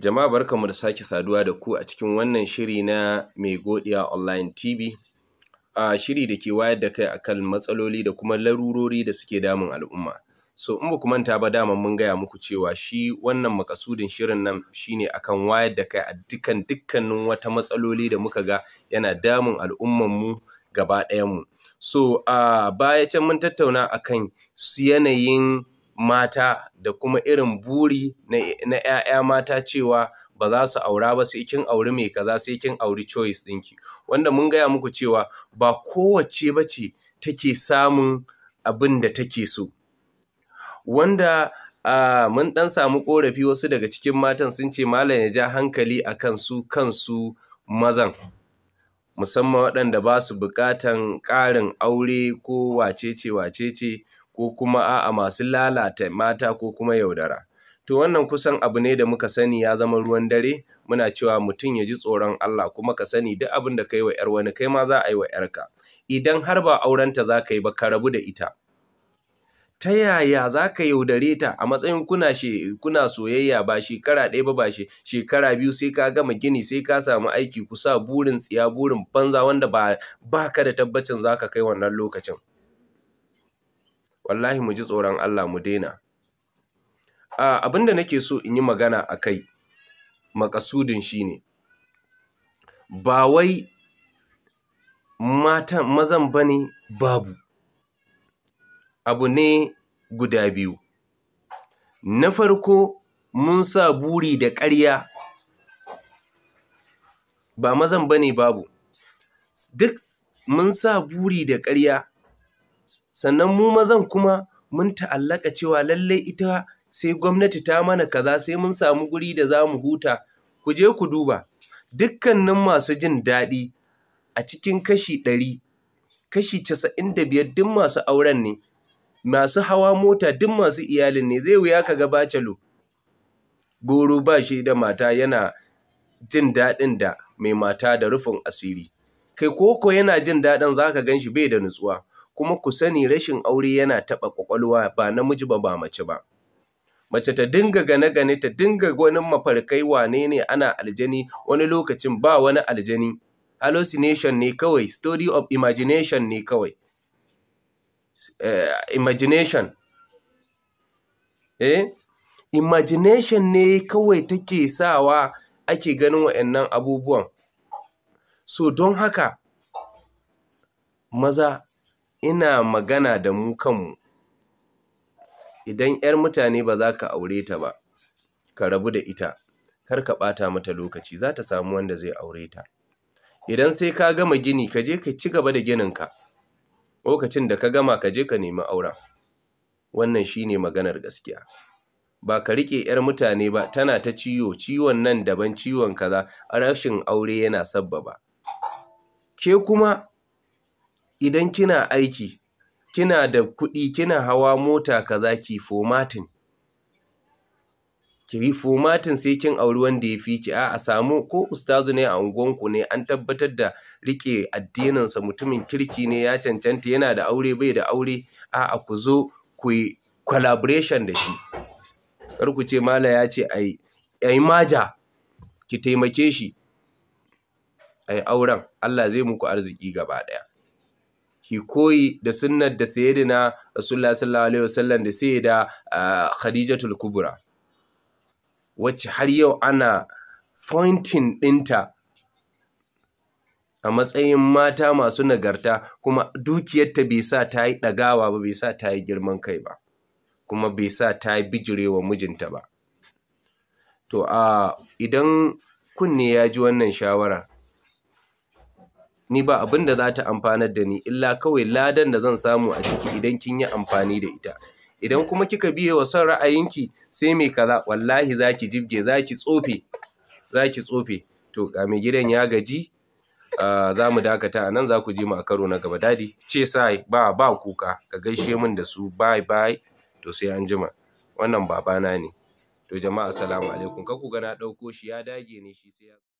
Jama'a barkanmu da sake saduwa da ku a cikin wannan shiri na mai godiya online TV. A shiri da ke wayar da kai akan matsaloli da kuma larurori da suke damun al'umma. So in ku manta ba dama mun gaya muku cewa shi wannan makasudin shirin nan shine akan wayar da kai a dukkan dukkanin wata matsaloli da muka ga yana damun al'ummanmu gaba ɗayanmu. So a baya can mun tattauna akan yanayin mata da kuma irin buri na 'ya'ya mata cewa ba za su aura ba sai kin auri mai kaza sai kin auri choice ɗinki wanda mun gaya muku cewa ba kowace bace take samun abin da take so wanda uh, mun ɗan samu ƙorafi wasu daga cikin matan sun ce malam ya ja hankali a kansu kansu mazan musamman waɗanda ba su buƙatan ƙarin aure ko wacece wacece ko kuma a'a masu lalata mata ko kuma yaudara to wannan kusan abu ne da muka sani ya zama ruwan dare muna cewa mutum ya ji tsoron Allah kuma ka sani duk abin da kai wa yar wani kai ma za a yi wa yarka idan har ba aurenta za ka yi ba ka rabu da ita ta yaya za ka yaudare ta a matsayin kuna kuna soyayya ba shekara ɗaya ba ba shekara biyu sai ka gama gini sai ka samu aiki kusa burin tsiya burin banza wanda ba ka da tabbacin za ka kai wannan lokacin wallahi mu ji tsoron Allah mu daina abin da nake so in yi magana a kai makasudin shi ne. ba wai matan mazan ne babu abu ne guda biyu na farko mun sa buri da ƙarya ba mazan ba ne babu duk mun sa buri da ƙarya sannan mu mazan kuma mun ta'allaka cewa lallai ita sai gwamnati ta mana kaza sai mun samu guri da za mu huta ku je ku duba dukkanin masu jin daɗi a cikin kashi ɗari kashi casa'in da biyar duk masu auren ne masu hawa mota duk masu iyalin ne zai wuya ka ga bacalo goro ba shi da mata yana jin daɗin da mai mata da rufin asiri kai koko yana jin daɗin za ka gan shi bai da nutsuwa kuma ku sani rashin aure yana taɓa ƙwaƙwalwa ba namiji ba ba mace ba mace ta dinga gane-gane ta dinga wani mafarkai wane ne ana aljani wani lokacin ba wani aljani hallucination ne kawai story of imagination ne kawai uh, imagination eh imagination ne kawai take sawa ake ganin waɗannan abubuwan so don haka maza ina magana da mu kanmu idan 'yar mutane ba za ka aure ta ba ka rabu da ita kar ka ɓata mata lokaci za ta samu wanda zai aure ta idan sai ka gama gini ka je ka ci gaba da gininka lokacin da ka gama ka je ka nemi auren wannan shi ne maganar gaskiya ba ka riƙe 'yar mutane ba tana ta ciwo ciwon nan daban ciwon kaza rashin aure yana sabbaba ke kuma idan kina aiki kina da kuɗi kina hawa mota kaza ki fomatin ki yi fomatin sai kin auri wanda ya fi ki a samu ko ustazu ne a unguwanku ne an tabbatar da riƙe addininsa mutumin kirki ne ya cancanta yana da aure bai da aure A'a ku zo ku yi collaboration da shi kar ku ce mala ya ce a yi maja ki taimake shi a yi auren Allah zai muku arziki gaba ɗaya koyi da sunnar da sayyidina rasulullah sallallahu alaihi wasallam da sayyida ah, khadijatul kubra wacce har yau ana pointing ɗinta a matsayin mata masu nagarta kuma dukiyarta bai sa ta yi ɗagawa ba bai sa ta yi girman kai ba kuma bai sa ta yi bijirewa mijinta ba to a ah, idan kunne ya ji wannan shawara. ni ba abin da za ta amfanar da ni illa kawai ladan da zan samu a ciki idan kin yi amfani da ita idan kuma kika biye wa son ra'ayinki sai mai kaza wallahi za ki jibge za ki tsofe za ki tsofe to ga mai gidan ya gaji za mu dakata a nan za ku ji mu a karo na gaba dadi ce sai ba ba kuka ka gaishe min da su bye bye to sai an jima wannan babana ne to jama'a assalamu alaikum ka ku ga na ɗauko shi ya dage ne shi sai